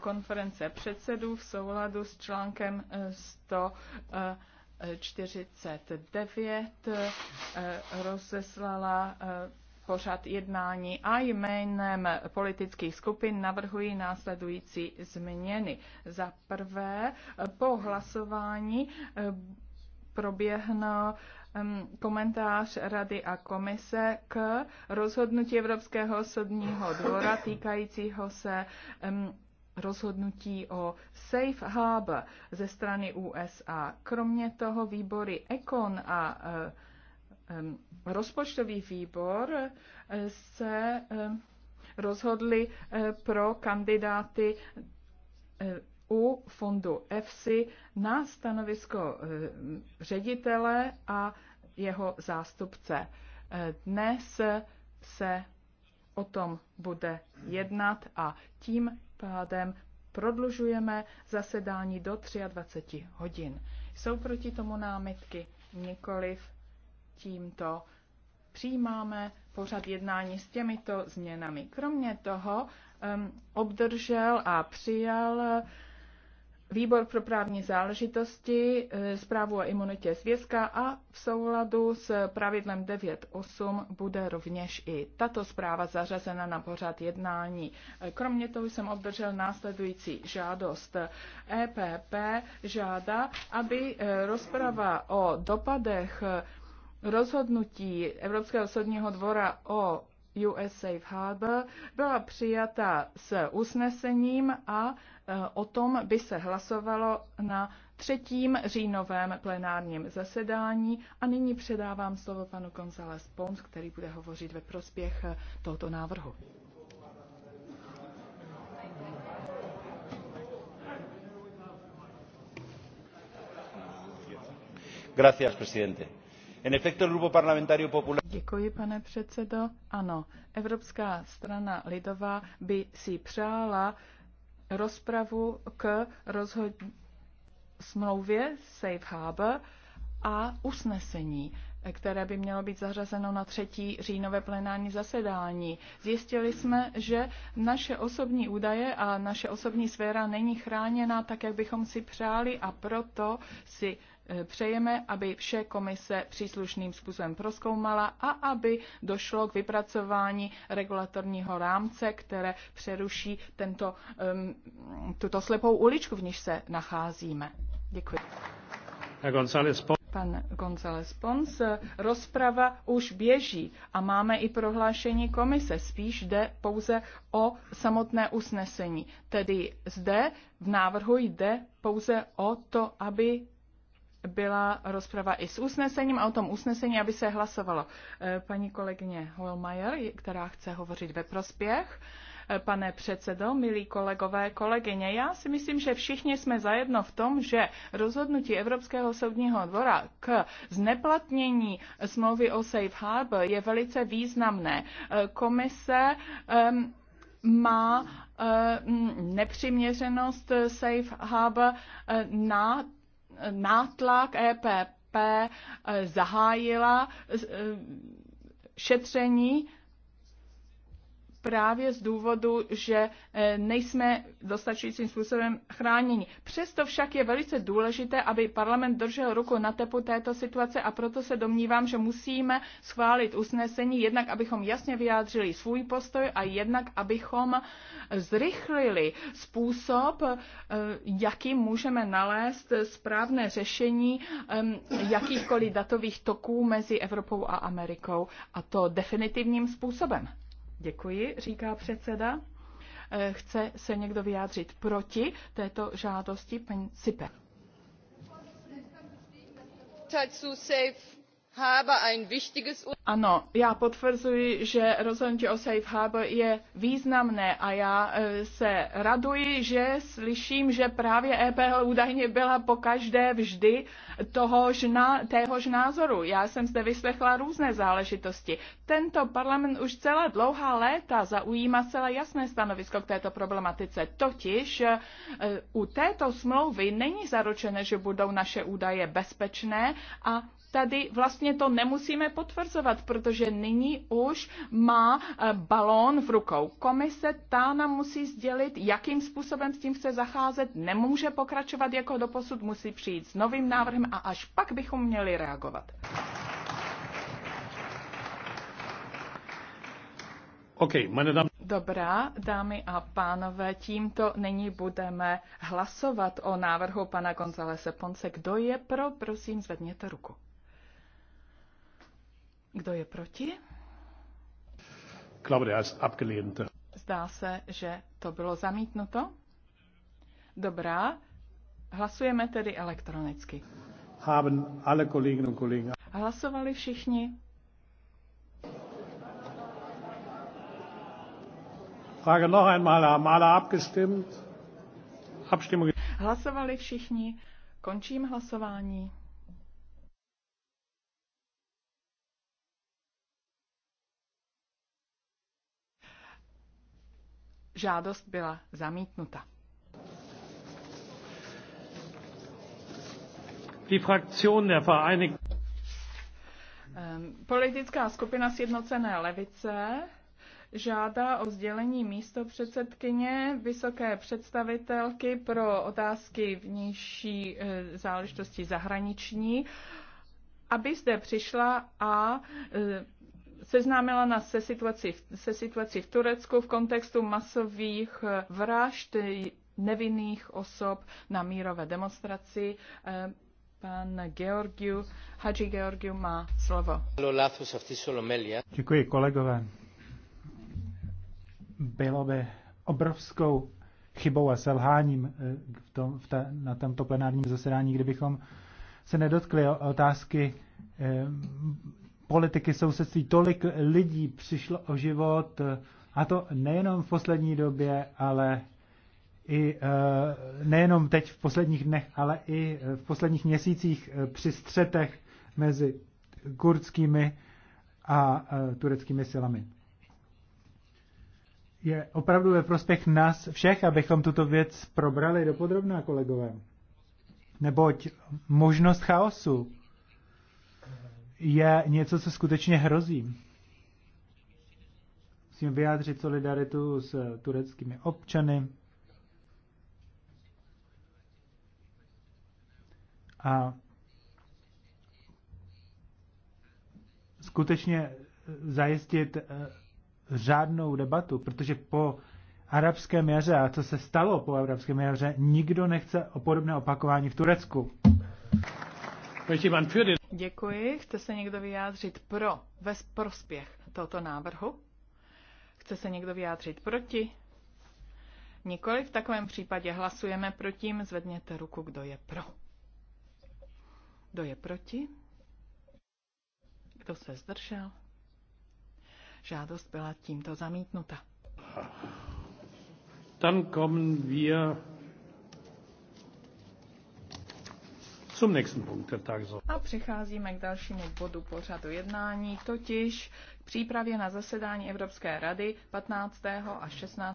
konference předsedů v souladu s článkem 149 eh, eh, eh, rozeslala pořad jednání a jménem politických skupin navrhují následující změny. Za prvé, po hlasování proběhne mm, komentář Rady a komise k rozhodnutí Evropského soudního dvora týkajícího se mm, rozhodnutí o Safe Harbor ze strany USA. Kromě toho výbory Econ a eh, rozpočtový výbor eh, se eh, rozhodli pro kandidáty u fondu EFSI na stanovisko ředitele a jeho zástupce. Dnes se o tom bude jednat a tím pádem prodlužujeme zasedání do 23 hodin. Jsou proti tomu námitky? Nikoliv tímto přijímáme pořad jednání s těmito změnami. Kromě toho um, obdržel a přijal Výbor pro právní záležitosti, e, zprávu o imunitě zvězka a v souladu s pravidlem 9.8 bude rovněž i tato zpráva zařazena na pořad jednání. E, kromě toho jsem obdržel následující žádost. EPP žádá, aby e, rozprava o dopadech rozhodnutí Evropského soudního dvora o US Safe Harbor byla přijata s usnesením a e, o tom by se hlasovalo na třetím říjnovém plenárním zasedání. A nyní předávám slovo panu González Pons, který bude hovořit ve prospěch e, tohoto návrhu. Gracias, presidente Děkuji, pane předsedo. Ano, Evropská strana lidová by si přála rozpravu k rozhod... smlouvě Safe Harbor a usnesení které by mělo být zařazeno na třetí říjnové plenární zasedání. Zjistili jsme, že naše osobní údaje a naše osobní sféra není chráněna tak, jak bychom si přáli a proto si Eh, přejeme, aby vše komise příslušným způsobem proskoumala a aby došlo k vypracování regulatorního rámce, které přeruší tento, tuto slepou uličku, v níž se nacházíme. Děkuji. Pan González Pons, rozprava už běží a máme i prohlášení komise. Spíš jde pouze o samotné usnesení. Tedy zde v návrhu jde pouze o to, aby byla rozprava i s usnesením a o tom usnesení, aby se hlasovalo. E, paní kolegyně Holmeier, která chce hovořit ve prospěch. E, pane předsedo, milí kolegové, kolegyně, já si myslím, že všichni jsme zajedno v tom, že rozhodnutí Evropského soudního dvora k zneplatnění smlouvy o Safe Harbor je velice významné. E, komise um, má nepřiměřenost Safe Harbor na nátlak EPP eh, zahájila eh, šetření právě z důvodu, že eh, nejsme dostačujícím způsobem chráněni. Přesto však je velice důležité, aby parlament držel ruku na tepu této situace a proto se domnívám, že musíme schválit usnesení, jednak abychom jasně vyjádřili svůj postoj a jednak abychom zrychlili způsob, eh, jakým můžeme nalézt správné řešení ehm, jakýchkoliv datových toků mezi Evropou a Amerikou a to definitivním způsobem. Děkuji, říká předseda. Eh, chce se někdo vyjádřit proti této žádosti? Paní Sipe? Zu safe habe ein wichtiges ano, já potvrzuji, že rozhodnutí o Safe Harbor je významné a já e, se raduji, že slyším, že právě EPL údajně byla po každé vždy tohož na, téhož názoru. Já jsem zde vyslechla různé záležitosti. Tento parlament už celá dlouhá léta zaujíma celé jasné stanovisko k této problematice. Totiž e, u této smlouvy není zaručené, že budou naše údaje bezpečné a tady vlastně to nemusíme potvrzovat dělat, protože nyní už má eh, balón v rukou. Komise ta nám musí sdělit, jakým způsobem s tím chce zacházet, nemůže pokračovat jako doposud, musí přijít s novým návrhem a až pak bychom měli reagovat. Okay, meine Damen Dobrá, dámy a pánové, tímto nyní budeme hlasovat o návrhu pana Gonzalese Ponce. Kdo je pro, prosím, zvedněte ruku. Kdo je proti? Claudia ist abgelehnt. Zdá se, že to bylo zamítnuto. Dobrá, hlasujeme tedy elektronicky. Haben alle Kolleginnen und Kollegen. Hlasovali všichni? Frage noch einmal, haben alle abgestimmt? Abstimmung. Hlasovali všichni. Končím hlasování. Žádost byla zamítnuta. Die Fraktion der Vereinigten ehm, Politická skupina Sjednocené levice žádá o sdělení místo předsedkyně vysoké představitelky pro otázky vnější eh, záležitosti zahraniční, aby zde přišla a eh, seznámila nás se situací, se situací v Turecku v kontextu masových eh, vražd nevinných osob na mírové demonstraci. Eh, pan Georgiu, Hadži Georgiu má slovo. Děkuji kolegové. Bylo by obrovskou chybou a selháním eh, v tom, v ta, na tomto plenárním zasedání, kdybychom se nedotkli otázky politiky sousedství tolik lidí přišlo o život, a to nejenom v poslední době, ale i eh, nejenom teď v posledních dnech, ale i v posledních měsících eh, při střetech mezi kurdskými a eh, tureckými silami. Je opravdu ve prospěch nás všech, abychom tuto věc probrali do podrobná, kolegové. Neboť možnost chaosu je něco, co skutečně hrozí. Musíme vyjádřit solidaritu s tureckými občany. A skutečně zajistit eh, řádnou debatu, protože po arabském jaře a co se stalo po arabském jaře, nikdo nechce o podobné opakování v Turecku. Děkuji. Chce se někdo vyjádřit pro, ve prospěch tohoto návrhu? Chce se někdo vyjádřit proti? Nikoli v takovém případě hlasujeme proti, zvedněte ruku, kdo je pro. Kdo je proti? Kdo se zdržel? Žádost byla tímto zamítnuta. Dann kommen wir A přecházíme k dalšímu bodu pořadu jednání, totiž k přípravě na zasedání Evropské rady 15. a 16.